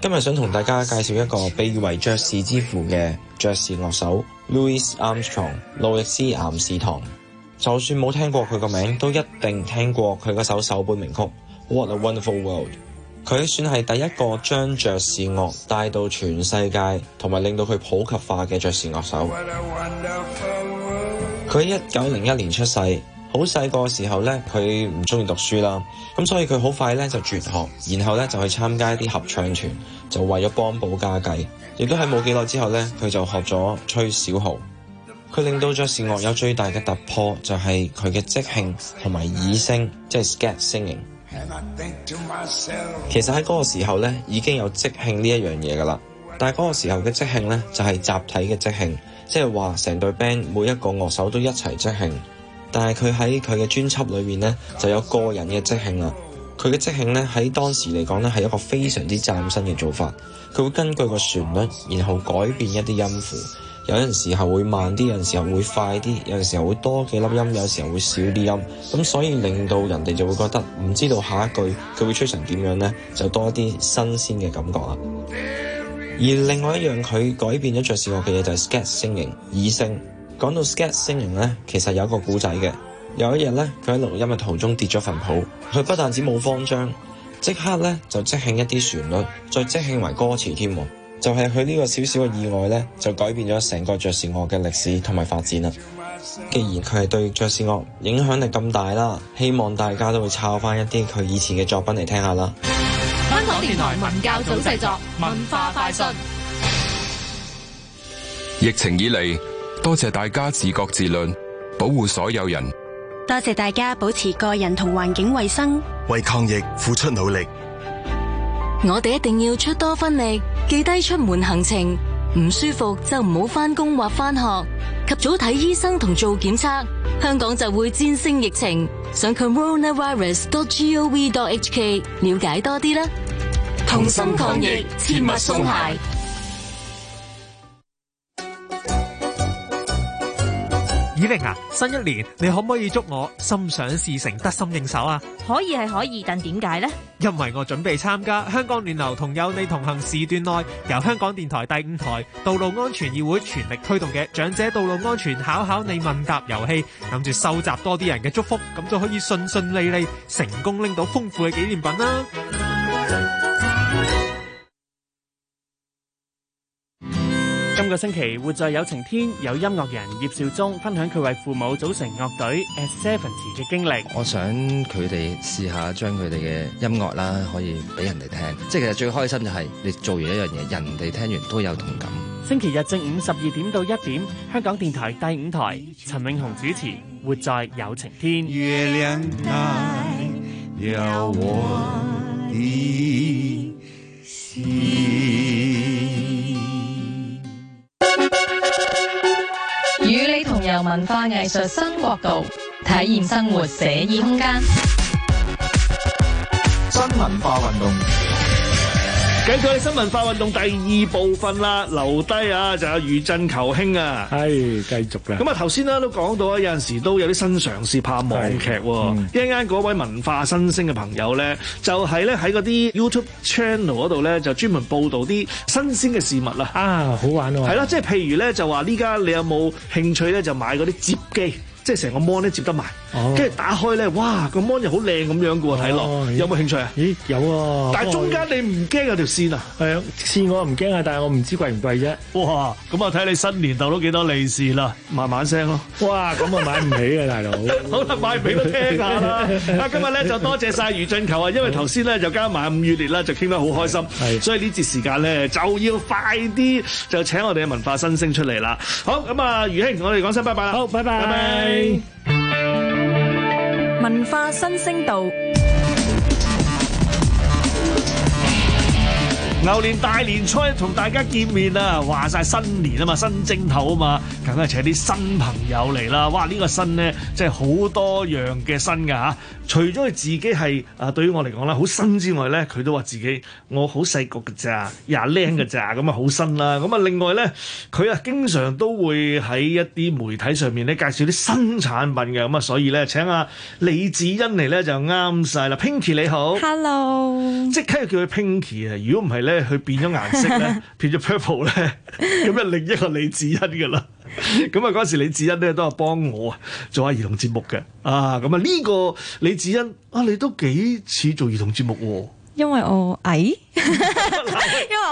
今日想同大家介紹一個被譽為爵士之父嘅爵士樂手 Louis Armstrong, Louis Armstrong 路易斯·岩士唐。就算冇聽過佢個名，都一定聽過佢個首首本名曲 What a Wonderful World。佢算係第一個將爵士樂帶到全世界，同埋令到佢普及化嘅爵士樂手。佢喺一九零一年出世。好細個時候呢，佢唔中意讀書啦，咁所以佢好快呢就輟學，然後呢就去參加一啲合唱團，就為咗幫補家計。亦都喺冇幾耐之後呢，佢就學咗吹小號。佢令到爵士樂有最大嘅突破，就係佢嘅即興同埋耳聲，即係 scat singing。其實喺嗰個時候呢，已經有即興呢一樣嘢㗎喇，但係嗰個時候嘅即興呢，就係集體嘅即興，即係話成隊 band 每一個樂手都一齊即興。但係佢喺佢嘅專輯裏面呢，就有個人嘅即興啦。佢嘅即興呢，喺當時嚟講呢，係一個非常之嶄新嘅做法。佢會根據個旋律，然後改變一啲音符。有陣時候會慢啲，有陣時候會快啲，有陣時候會多幾粒音，有時候會少啲音。咁所以令到人哋就會覺得唔知道下一句佢會吹成點樣呢，就多一啲新鮮嘅感覺啦。而另外一樣，佢改變咗爵士樂嘅嘢就係、是、sketch 聲型耳聲。講到 Scott 星人呢，其實有一個古仔嘅。有一日呢，佢喺錄音嘅途中跌咗份譜，佢不但止冇慌張，即刻呢就即興一啲旋律，再即興埋歌詞添。就係佢呢個小小嘅意外呢，就改變咗成個爵士樂嘅歷史同埋發展啦。既然佢係對爵士樂影響力咁大啦，希望大家都會抄翻一啲佢以前嘅作品嚟聽下啦。香港電台文教總製作文化快訊，疫情以嚟。多謝大家自覺自量，保護所有人。多謝大家保持個人同環境衛生，為抗疫付出努力。我哋一定要出多分力，記低出門行程，唔舒服就唔好返工或返學，及早睇醫生同做檢測，香港就會戰勝疫情。上 coronavirus.gov.hk 了解多啲啦，同心抗疫，切勿鬆懈。以玲啊，新一年你可唔可以祝我心想事成、得心應手啊？可以係可以，但點解呢？因為我準備參加香港聯流同有你同行時段內由香港電台第五台道路安全議會全力推動嘅長者道路安全考考你問答遊戲，諗住收集多啲人嘅祝福，咁就可以順順利利成功拎到豐富嘅紀念品啦。個星期活在有情天，有音樂人葉紹忠分享佢為父母組成樂隊 As Seventies 嘅經歷。我想佢哋試下將佢哋嘅音樂啦，可以俾人哋聽。即係其實最開心就係你做完一樣嘢，人哋聽完都有同感。星期日正午十二點到一點，香港電台第五台，陳永雄主持《活在有情天》月亮啊。與你同遊文化藝術新國度，體驗生活寫意空間。新文化運動。繼續我哋新文化運動第二部分啦，留低啊，就有余振球兄啊，係繼續啦。咁、嗯、啊，頭先啦都講到啊，有陣時都有啲新嘗試，拍網劇。啱啱嗰位文化新星嘅朋友咧，就係咧喺嗰啲 YouTube channel 嗰度咧，就專門報道啲新鮮嘅事物啦。啊，好玩喎、哦！係啦，即係譬如咧，就話呢家你有冇興趣咧，就買嗰啲接機？即係成個 mon 咧接得埋，跟住打開咧，哇個 mon 又好靚咁樣嘅喎，睇落有冇興趣啊？咦，有喎！但係中間你唔驚有條線啊？係，線我唔驚啊，但係我唔知貴唔貴啫。哇，咁啊睇你新年攞到幾多利是啦，慢慢聲咯。哇，咁啊買唔起啊，大佬。好啦，買俾你聽下啦。啊，今日咧就多謝曬余振球啊，因為頭先咧就加埋伍宇烈啦，就傾得好開心。係，所以呢節時間咧就要快啲就請我哋嘅文化新星出嚟啦。好，咁啊，余兄，我哋講聲拜拜啦。好，拜拜。文化新星道，牛年大年初一同大家見面啊，話晒新年啊嘛，新正頭啊嘛。梗係請啲新朋友嚟啦！哇，呢、呢個新咧，即係好多樣嘅新㗎嚇、啊。除咗佢自己係啊，對於我嚟講咧好新之外咧，佢都話自己我好細個㗎咋，廿靚㗎咋，咁啊好新啦。咁啊另外咧，佢啊經常都會喺一啲媒體上面咧介紹啲新產品嘅。咁啊所以咧請阿、啊、李梓恩嚟咧就啱晒啦。Pinky 你好，Hello，即刻叫佢 Pinky 啊！如果唔係咧，佢 變咗顏色咧，變咗 purple 咧，咁啊另一個李梓恩㗎啦。咁啊，嗰時李子欣咧都係幫我做下兒童節目嘅啊。咁啊，呢個李梓恩啊，你都幾似做兒童節目喎？因為我矮， 因為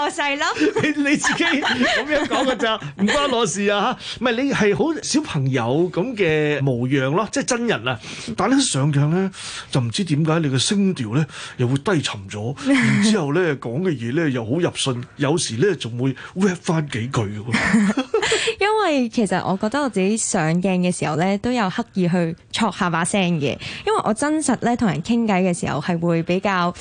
我細咯。 你你自己咁樣講嘅咋？唔 關我事啊吓。唔係你係好小朋友咁嘅模樣咯，即係真人啊。但係一上鏡咧就唔知點解你嘅聲調咧又會低沉咗，麼然之後咧講嘅嘢咧又好入信，有時咧仲會 rap 翻幾句。 因為其實我覺得我自己上鏡嘅時候咧，都有刻意去挫下把聲嘅，因為我真實咧同人傾偈嘅時候係會比較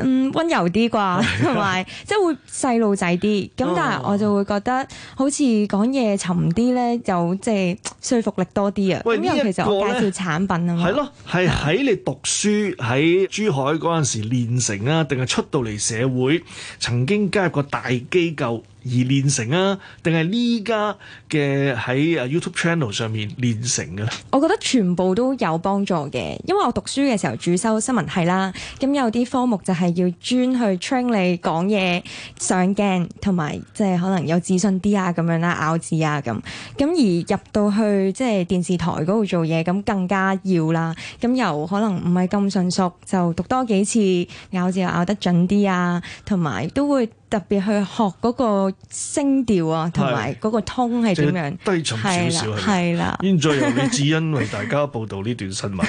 嗯溫柔啲啩，同埋即係會細路仔啲。咁但係我就會覺得好似講嘢沉啲咧，有即係說服力多啲啊。咁喂其實我介紹產品啊，係咯喂，係喺 你讀書喺珠海嗰陣時練成啊，定係出到嚟社會曾經加入過大機構。而練成啊？定係呢家嘅喺 YouTube channel 上面練成嘅、啊、咧？我覺得全部都有幫助嘅，因為我讀書嘅時候主修新聞系啦，咁有啲科目就係要專去 train 你講嘢、上鏡，同埋即係可能有自信啲啊咁樣啦，咬字啊咁。咁而入到去即係、就是、電視台嗰度做嘢，咁更加要啦。咁又可能唔係咁迅速，就讀多幾次咬字又咬得準啲啊，同埋都會，特別去學嗰個聲調啊，同埋嗰個通係點樣、就是、低沉少少係啦。係現在由李梓恩為大家報道呢段新聞，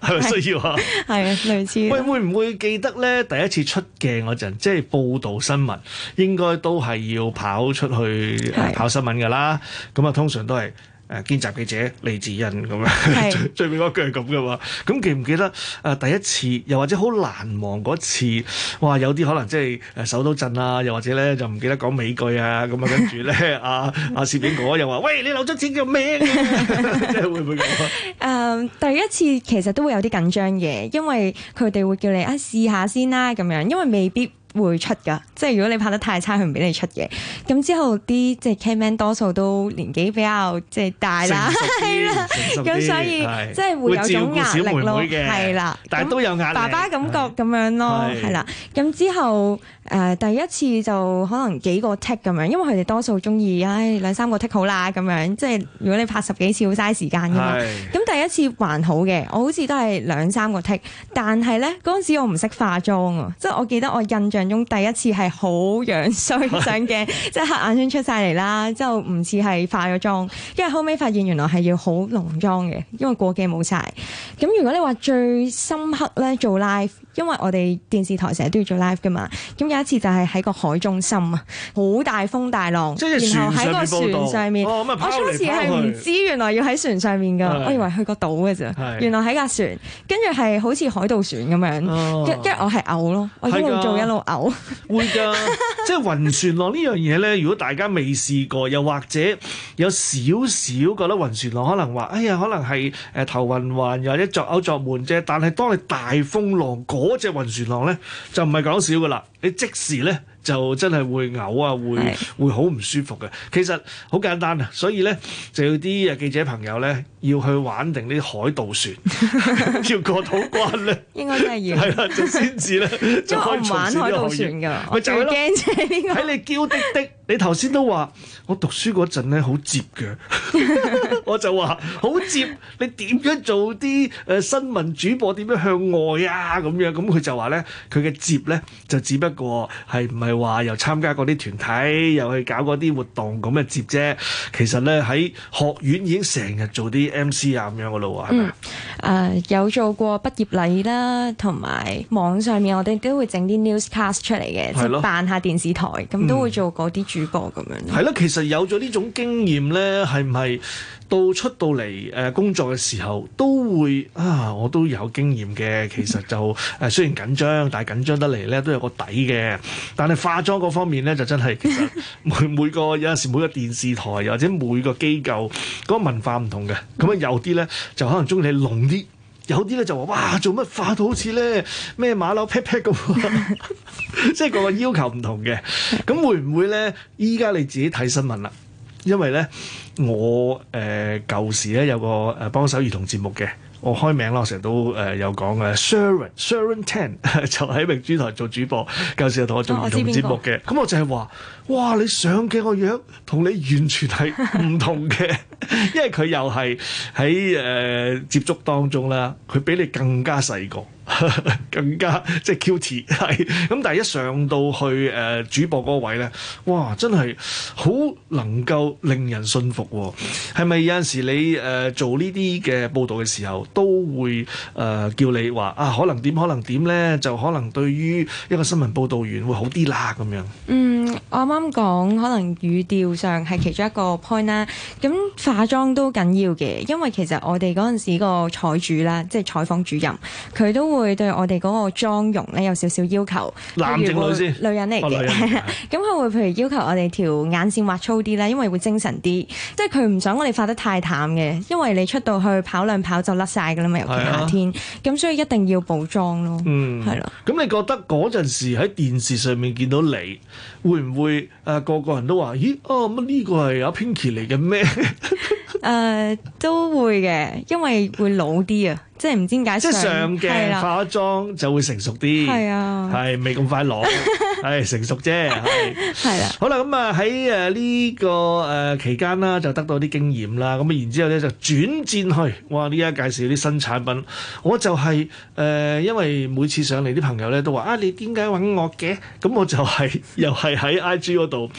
係咪 需要啊？係啊，類似。喂，會唔會記得咧？第一次出鏡嗰陣，即、就、係、是、報道新聞，應該都係要跑出去的、啊、跑新聞噶啦。咁啊，通常都係。誒見、呃、習記者李梓恩咁樣是最，最最尾嗰句係咁噶嘛？咁、啊、記唔記得誒、呃、第一次，又或者好難忘嗰次？哇！有啲可能即係誒手都震啦、啊，又或者咧就唔記得講美句啊咁 啊，跟住咧啊啊攝影哥又話： 喂，你留足錢做咩即係會唔會咁啊、 嗯？第一次其實都會有啲緊張嘅，因為佢哋會叫你啊，啊試下先啦咁樣，因為未必。會出噶，即係如果你拍得太差，佢唔俾你出嘅。咁之後啲即係 cameraman 多數都年紀比較即係大啦，係啦。咁、嗯、所以是即係會有種壓力咯，係啦。但係都有壓力，爸爸感覺咁樣咯，係是是啦。咁之後誒、呃、第一次就可能幾個 take 咁樣，因為佢哋多數中意唉兩三個 take 好啦咁樣。即係如果你拍十幾次，好嘥時間㗎嘛。咁是、嗯、第一次還好嘅，我好似都係兩三個 take。但係咧嗰陣時我唔識化妝啊，即係我記得我印象。用第一次係好樣衰、上鏡， 即係黑眼圈出晒嚟啦，之後唔似係化咗妝，因為後尾發現原來係要好濃妝嘅，因為過鏡冇晒，咁如果你話最深刻咧，做 live。因為我哋電視台成日都要做 live 噶嘛，咁有一次就係喺個海中心啊，好大風大浪，然後喺個船上面，哦嗯、跑跑我初時係唔知原來要喺船上面噶，的我以為去個島嘅啫，的原來喺架船，跟住係好似海盜船咁樣，跟住、啊、我係嘔咯，我一路做一路嘔，會㗎， 即係暈船浪呢樣嘢咧。如果大家未試過，又或者有少少覺得暈船浪可能話，哎呀，可能係誒頭暈暈，又或者作嘔作悶啫。但係當你大風浪嗰～、那個嗰隻暈船浪咧就唔係講笑㗎喇，你即時咧～就真係會嘔啊，會會好唔舒服嘅。其實好簡單啊，所以咧就要啲啊記者朋友咧要去玩定啲海盜船，要過土關咧，應該真係要係啦，就先至咧就再玩呢啲海盜船㗎。咪就係咯，睇你嬌滴滴，你頭先都話我讀書嗰陣咧好接嘅，我就話好接。你點樣做啲誒新聞主播？點樣向外啊咁樣，咁佢就話咧，佢嘅接咧就只不過係唔係。話又參加嗰啲團體，又去搞嗰啲活動，咁樣接啫。其實咧喺學院已經成日做啲 MC 啊咁樣噶咯喎。嗯，誒、呃，有做過畢業禮啦，同埋網上面我哋都會整啲 news cast 出嚟嘅，即係扮下電視台，咁對咯 都會做嗰啲主播咁樣、嗯。係咯，其實有咗呢種經驗咧，係唔係？到出到嚟誒工作嘅時候，都會啊，我都有經驗嘅。其實就誒雖然緊張，但係緊張得嚟咧都有個底嘅。但係化妝嗰方面咧就真係其實每每個有陣時每個電視台或者每個機構嗰個文化唔同嘅。咁樣有啲咧就可能中意你濃啲，有啲咧就話哇做乜化到好似咧咩馬騮劈劈咁，貓貓屁屁 即係個個要求唔同嘅。咁會唔會咧？依家你自己睇新聞啦。因為咧，我、呃、誒舊時咧有個誒幫手兒童節目嘅，我開名咯，成日都誒、呃、有講嘅。Sharon Sharon eren Ten 就喺明珠台做主播，嗯、舊時又同我做兒童、哦、節目嘅，咁我就係話：哇！你上鏡個樣同你完全係唔同嘅， 因為佢又係喺誒接觸當中啦，佢比你更加細個。 更加即係嬌俏係咁，但係一上到去誒、呃、主播嗰位咧，哇！真係好能夠令人信服係、哦、咪有陣時你誒、呃、做呢啲嘅報道嘅時候，都會誒、呃、叫你話啊，可能點可能點咧，就可能對於一個新聞報道員會好啲啦咁樣嗯，我啱啱講可能語調上係其中一個 point 啦。咁化妝都緊要嘅，因為其實我哋陣時個採主啦，即係採訪主任，佢都會。會對我哋嗰個妝容咧有少少要求，男定女先，女人嚟嘅。咁佢 會譬如要求我哋條眼線畫粗啲咧，因為會精神啲。即係佢唔想我哋化得太淡嘅，因為你出到去跑兩跑就甩晒噶啦嘛，尤其夏天。咁、啊、所以一定要補妝咯，係咯、嗯。咁、啊嗯、你覺得嗰陣時喺電視上面見到你，會唔會誒個、呃、個人都話咦哦，乜呢個係阿 Pinky 嚟嘅咩？誒 、呃、都會嘅，因為會老啲啊。即係唔知點解，即係上鏡化咗妝就會成熟啲，係啊的，係未咁快樂，係 成熟啫，係啦。的好啦，咁啊喺誒呢個誒期間啦，就得到啲經驗啦。咁啊，然之後咧就轉戰去，哇！呢家介紹啲新產品，我就係、是、誒、呃，因為每次上嚟啲朋友咧都話啊，你點解搵我嘅？咁我就係又係喺 I G 嗰度，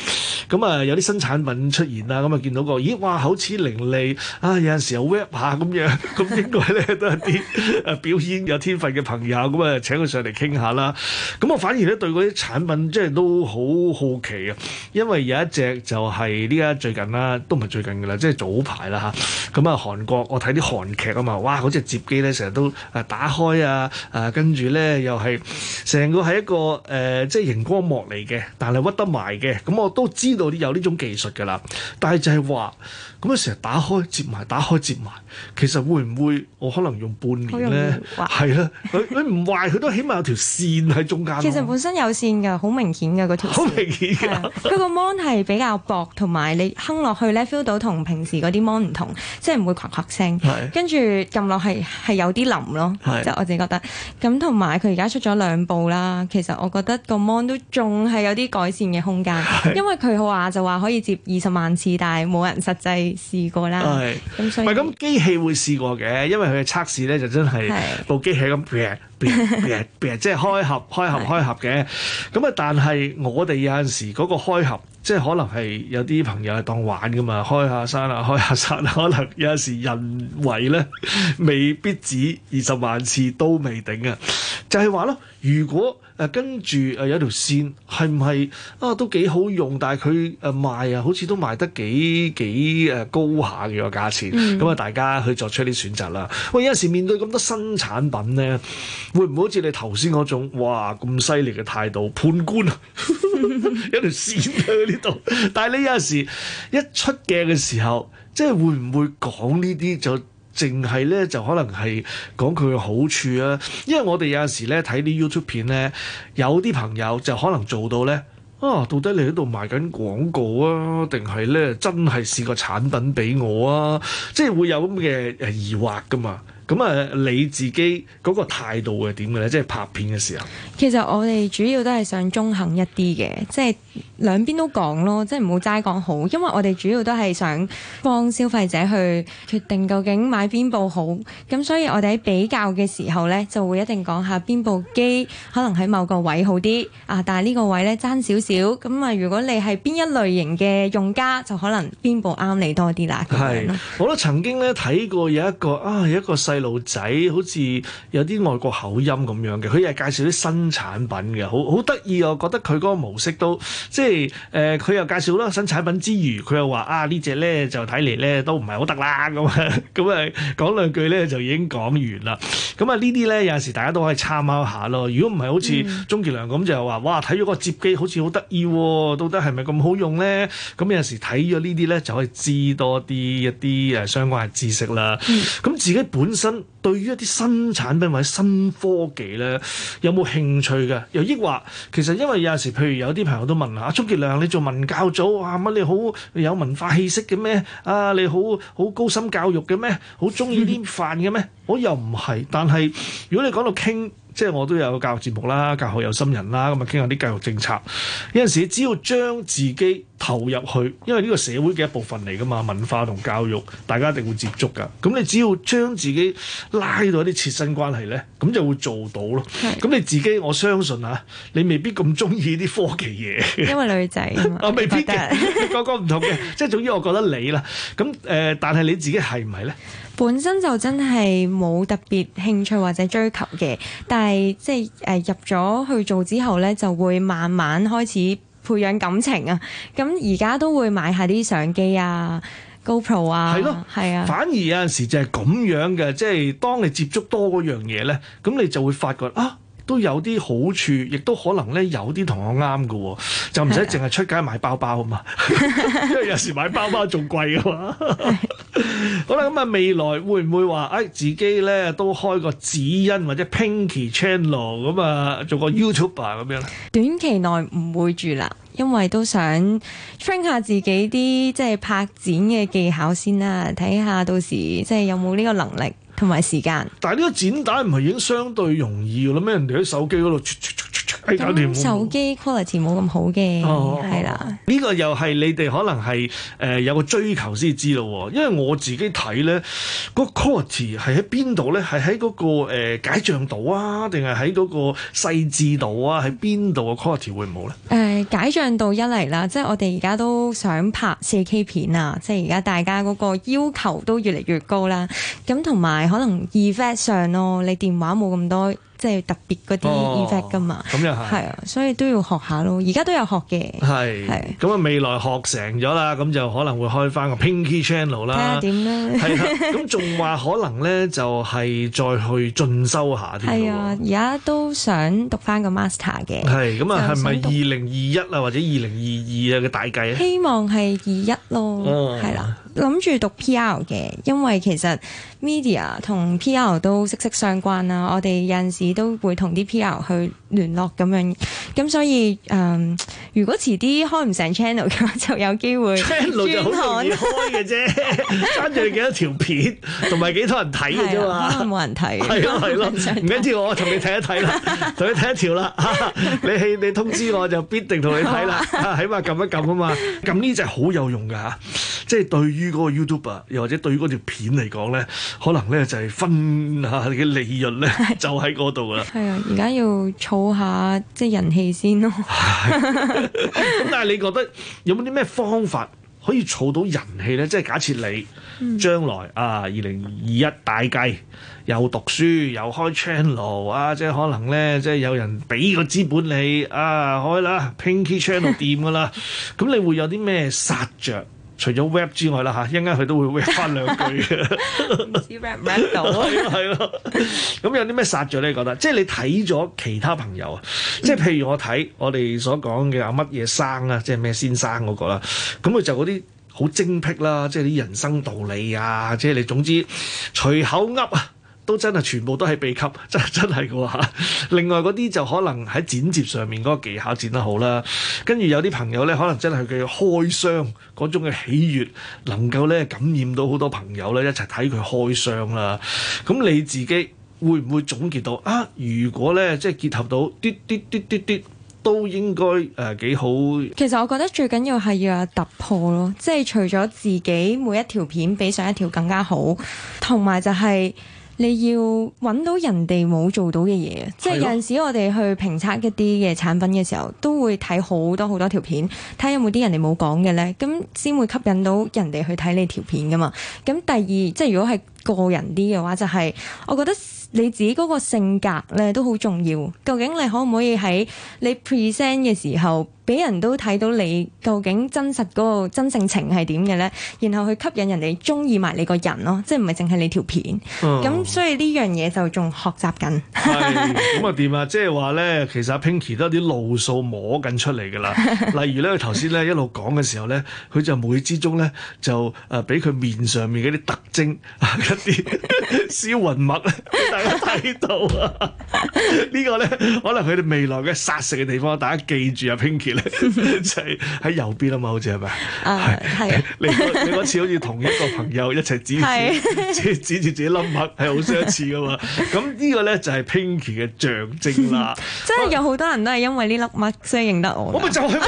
咁啊有啲新產品出現啦，咁啊見到個咦哇好似伶俐啊，有陣時有 rap 下咁樣，咁應該咧都～ 誒 表演有天分嘅朋友咁啊，請佢上嚟傾下啦。咁我反而咧對嗰啲產品即係都好好奇啊。因為有一隻就係呢家最近啦，都唔係最近噶啦，即係早排啦嚇。咁啊，韓國我睇啲韓劇啊嘛，哇！嗰隻接機咧成日都誒打開啊，誒跟住咧又係成個係一個誒、呃、即係熒光幕嚟嘅，但係屈得埋嘅。咁我都知道有呢種技術噶啦，但係就係話咁啊，成日打開接埋，打開折埋。其實會唔會我可能用半年咧？係啦，佢佢唔壞，佢都起碼有條線喺中間。其實本身有線㗎，好明顯㗎個條線。好明顯㗎，佢個 mon 係比較薄，同埋你哼落去咧 feel 到同平時嗰啲 mon 唔同，即係唔會咔咔聲。跟住撳落係係有啲腍咯，即係我自己覺得。咁同埋佢而家出咗兩部啦，其實我覺得個 mon 都仲係有啲改善嘅空間，因為佢話就話可以接二十萬次，但係冇人實際試過啦。係。咁所以唔咁機會試過嘅，因為佢嘅測試咧就真係部機器咁，bi 即係開合開合開合嘅。咁啊，但係我哋有陣時嗰個開合，即係可能係有啲朋友係當玩噶嘛，開下山啦，開下山啦，可能有陣時人為咧未必止二十萬次都未定啊，就係話咯。如果誒、啊、跟住誒、啊、有條線是是，係唔係啊都幾好用？但係佢誒賣啊，賣好似都賣得幾幾誒高下嘅個價錢。咁啊、嗯，大家去作出啲選擇啦。喂，有陣時面對咁多新產品咧，會唔會好似你頭先嗰種哇咁犀利嘅態度判官啊？ 有條線喺呢度。但係你有陣時一出鏡嘅時候，即係會唔會講呢啲就？淨係咧就可能係講佢嘅好處啊，因為我哋有陣時咧睇啲 YouTube 片咧，有啲朋友就可能做到咧，啊到底你喺度賣緊廣告啊，定係咧真係試個產品俾我啊？即係會有咁嘅誒疑惑㗎嘛？咁啊，你自己嗰個態度係點嘅咧？即係拍片嘅時候。其實我哋主要都係想中肯一啲嘅，即係兩邊都講咯，即係唔好齋講好。因為我哋主要都係想幫消費者去決定究竟買邊部好。咁所以我哋喺比較嘅時候咧，就會一定講下邊部機可能喺某個位好啲啊，但係呢個位咧爭少少。咁啊，如果你係邊一類型嘅用家，就可能邊部啱你多啲啦。係，我都曾經咧睇過有一個啊，有一個細。細路仔好似有啲外國口音咁樣嘅，佢又介紹啲新產品嘅，好好得意。我覺得佢個模式都即係誒佢又介紹啦新產品之餘，佢又話啊呢隻咧就睇嚟咧都唔係好得啦咁，咁啊講兩句咧就已經講完啦。咁啊呢啲咧有陣時大家都可以參考下咯。如果唔係好似鍾傑良咁就話哇睇咗個摺機好似好得意，到底係咪咁好用咧？咁有陣時睇咗呢啲咧就可以知多啲一啲誒相關嘅知識啦。咁、嗯、自己本身。對於一啲新產品或者新科技咧，有冇興趣嘅？又抑或其實因為有陣時，譬如有啲朋友都問下啊，鍾傑良，你做文教組啊乜？你好有文化氣息嘅咩？啊，你好好高深教育嘅咩？好鍾意啲飯嘅咩？我又唔係，但係如果你講到傾。即係我都有教育節目啦，教育有心人啦，咁啊傾下啲教育政策。有陣時只要將自己投入去，因為呢個社會嘅一部分嚟㗎嘛，文化同教育大家一定會接觸㗎。咁你只要將自己拉到一啲切身關係咧，咁就會做到咯。咁是你自己我相信啊，你未必咁中意啲科技嘢，因為女仔啊 未必得，嘅。個個唔同嘅。 即係總之，我覺得你啦，咁誒、呃，但係你自己係唔係咧？本身就真係冇特別興趣或者追求嘅，但係即係誒、呃、入咗去做之後咧，就會慢慢開始培養感情啊。咁而家都會買下啲相機啊、GoPro 啊，係咯的，係啊的。反而有陣時就係咁樣嘅，即、就、係、是、當你接觸多嗰樣嘢咧，咁你就會發覺啊。都有啲好處，亦都可能咧有啲同我啱嘅，的就唔使淨係出街買包包啊嘛， 因為有時買包包仲貴啊嘛。的 好啦，咁啊未來會唔會話誒自己咧都開個梓恩或者 Pinky Channel 咁啊，做個 YouTuber 咁樣咧？短期內唔會住啦，因為都想 train 下自己啲即係拍展嘅技巧先啦，睇下到時即係有冇呢個能力。同埋時間，但係呢個剪帶唔係已經相對容易嘅咯咩？人哋喺手機嗰度，咁、欸嗯、定手機 quality 冇咁好嘅，係啦、啊。呢了個又係你哋可能係誒、呃、有個追求先知咯、啊。因為我自己睇咧，個 quality 係喺邊度咧？係喺嗰個、呃、解像度啊，定係喺嗰個細緻度啊？喺邊度嘅 quality 會唔好咧？誒、呃、解像度一嚟啦，即係我哋而家都想拍四 K 片啊，即係而家大家嗰個要求都越嚟越高啦。咁同埋。可能 effect 上咯，你電話冇咁多，即係特別嗰啲 effect 噶嘛，咁又係、哦、啊，所以都要學下咯。而家都有學嘅，係係是。咁啊是，未來學成咗啦，咁就可能會開翻個 pinky channel 啦。睇下點咧？係 咁，仲話可能咧，就係、是、再去進修下添。係啊，而家都想讀翻個 master 嘅。係咁啊，係咪二零二一啊，或者二零二二啊嘅大計咧？希望係二一咯，係啦、嗯。諗住讀 PR 嘅，因為其實 media 同 PR 都息息相關啦。我哋有陣時都會同啲 PR 去聯絡咁樣，咁所以誒、嗯，如果遲啲開唔成 channel 嘅話，就有機會 channel 就好易開嘅啫。睇住幾多條片，同埋幾多人睇嘅啫嘛，冇、 啊、人睇。係咯係咯，唔緊要， 我同你睇一睇啦，同 你睇一條啦、啊。你你通知我就必定同你睇啦，起碼撳一撳啊嘛，撳呢就好有用噶吓，即係對於。嗰個 YouTuber 又或者對於嗰條片嚟講咧，可能咧就係分下你嘅利潤咧，就喺嗰度啦。係啊，而家要儲下即係人氣先咯。咁 但係你覺得有冇啲咩方法可以儲到人氣咧？即係假設你將來、嗯、啊，二零二一大計又讀書又開 channel 啊，即係可能咧，即係有人俾個資本你啊開啦 Pinkie Channel 掂㗎啦。咁 你會有啲咩殺着？除咗 rap 之外啦嚇，一陣間佢都會,會 rap 翻兩句嘅。唔知 rap 唔 rap 到啊，係咯。咁有啲咩殺著咧？覺得即係你睇咗其他朋友啊，即係譬如我睇我哋所講嘅阿乜嘢生啊，即係咩先生嗰個啦。咁佢就嗰啲好精辟啦，即係啲人生道理啊，即係你總之隨口噏啊。都真係全部都係秘笈，真真係嘅喎。另外嗰啲就可能喺剪接上面嗰個技巧剪得好啦。跟住有啲朋友呢，可能真係佢開箱嗰種嘅喜悅，能夠呢感染到好多朋友呢，一齊睇佢開箱啦。咁你自己會唔會總結到啊？如果呢，即係結合到啲啲啲啲啲，都應該誒幾好。其實我覺得最緊要係要有突破咯，即係除咗自己每一條片比上一條更加好，同埋就係。你要揾到人哋冇做到嘅嘢，咯即係有陣時我哋去評測一啲嘅產品嘅時候，都會睇好多好多條片，睇有冇啲人哋冇講嘅咧，咁先會吸引到人哋去睇你條片噶嘛。咁第二，即係如果係個人啲嘅話，就係我覺得。你自己嗰個性格咧都好重要，究竟你可唔可以喺你 present 嘅時候，俾人都睇到你究竟真實嗰個真性情係點嘅咧？然後去吸引人哋中意埋你個人咯，即係唔係淨係你條片？咁、嗯、所以呢樣嘢就仲學習緊。咁啊？點啊？即係話咧，其實阿 Pinky 都有啲路數摸緊出嚟㗎啦。 例如咧，佢頭先咧一路講嘅時候咧，佢就無意之中咧就誒俾佢面上面嗰啲特徵一啲消雲墨咧。 睇到啊！呢個咧，可能佢哋未來嘅殺食嘅地方，大家記住啊，Pinky 咧，就係喺右邊啊嘛，好似係咪？係係你嗰你次好似同一個朋友一齊指，即係指住自己粒物，係好相似次噶嘛。咁呢個咧就係 Pinky 嘅象徵啦。即係有好多人都係因為呢粒物先認得我。我咪就係，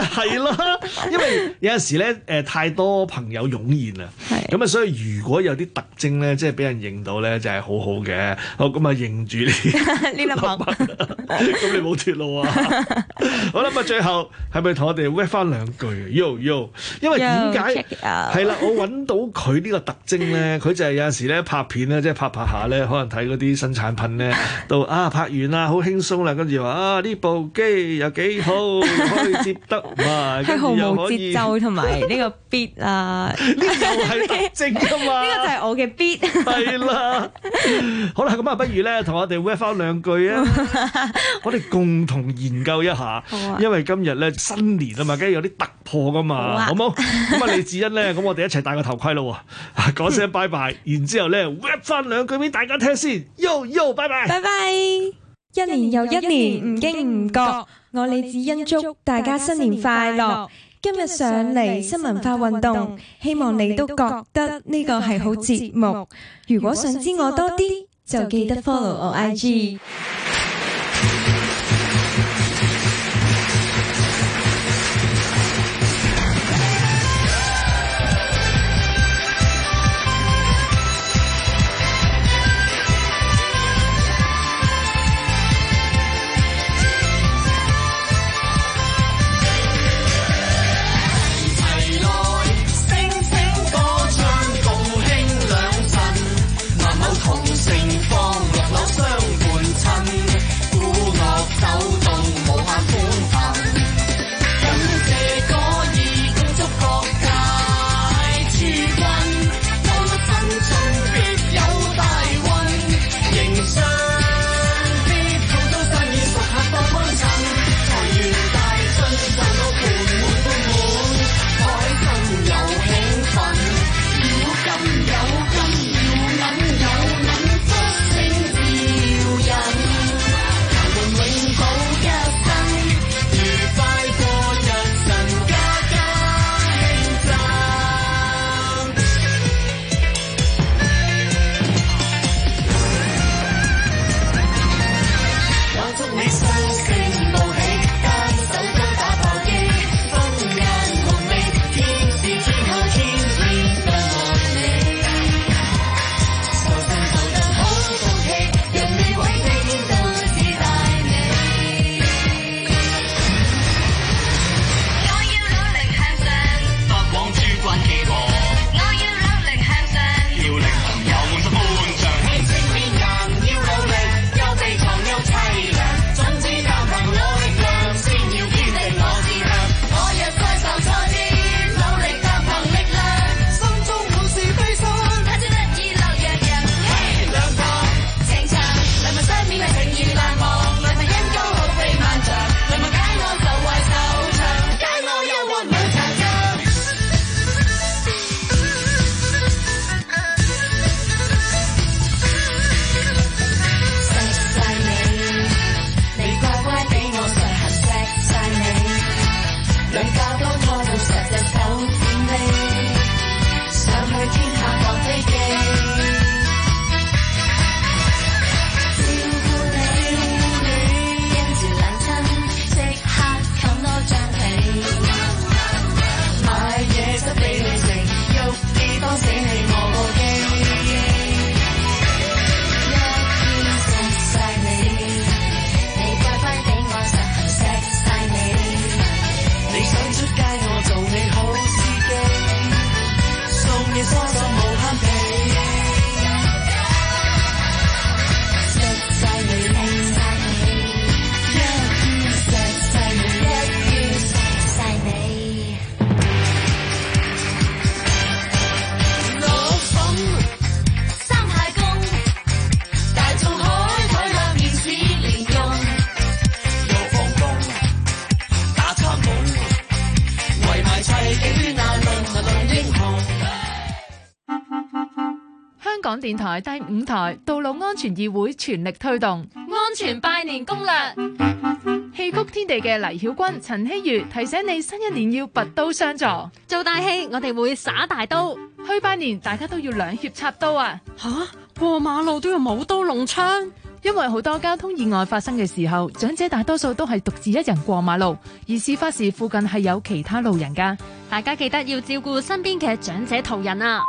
係咯。因為有陣時咧，誒太多朋友湧現啊。係咁啊，所以如果有啲特徵咧，即係俾人認到咧，就係好好。嘅好咁啊，認住你呢 粒毛，咁 你冇鐵路啊！ 好啦，咁啊，最後係咪同我哋 rap 翻兩句 yo？Yo 因為點解係啦？我揾到佢呢個特徵咧，佢就係有陣時咧拍片咧，即係拍拍下咧，可能睇嗰啲新產品咧，都啊拍完啦，好輕鬆啦，跟住話啊呢部機有幾好，可以接得嘛，跟住又可以節奏同埋呢個 beat 啊，呢 個， 個就係特徵啊嘛，呢個就係我嘅 beat，係啦。好啦，咁啊不如咧，同我哋 rap 翻兩句啊， 我哋共同研究一下，啊、因為今日咧新年啊嘛，梗係有啲突破噶、啊、嘛，好冇、啊？咁啊李智恩咧，咁我哋一齊戴個頭盔咯，講聲拜拜， 然之後咧 rap 翻兩句俾大家聽先，Yo Yo 拜拜，拜拜 bye，一年又一年，唔經唔覺，我李梓恩祝大家新年快樂。今日上嚟新文化運動，希望你都覺得呢個係好節目。如果想知我多啲，就記得 follow 我 IG。電台第五台道路安全議會全力推動安全拜年攻略。戲曲天地嘅黎曉君、陳希瑜提醒你：新一年要拔刀相助。做大戲，我哋會耍大刀；去拜年，大家都要兩肋插刀啊！吓、啊，過馬路都要舞刀弄槍，因為好多交通意外發生嘅時候，長者大多數都係獨自一人過馬路，而事發時附近係有其他路人噶。大家記得要照顧身邊嘅長者途人啊！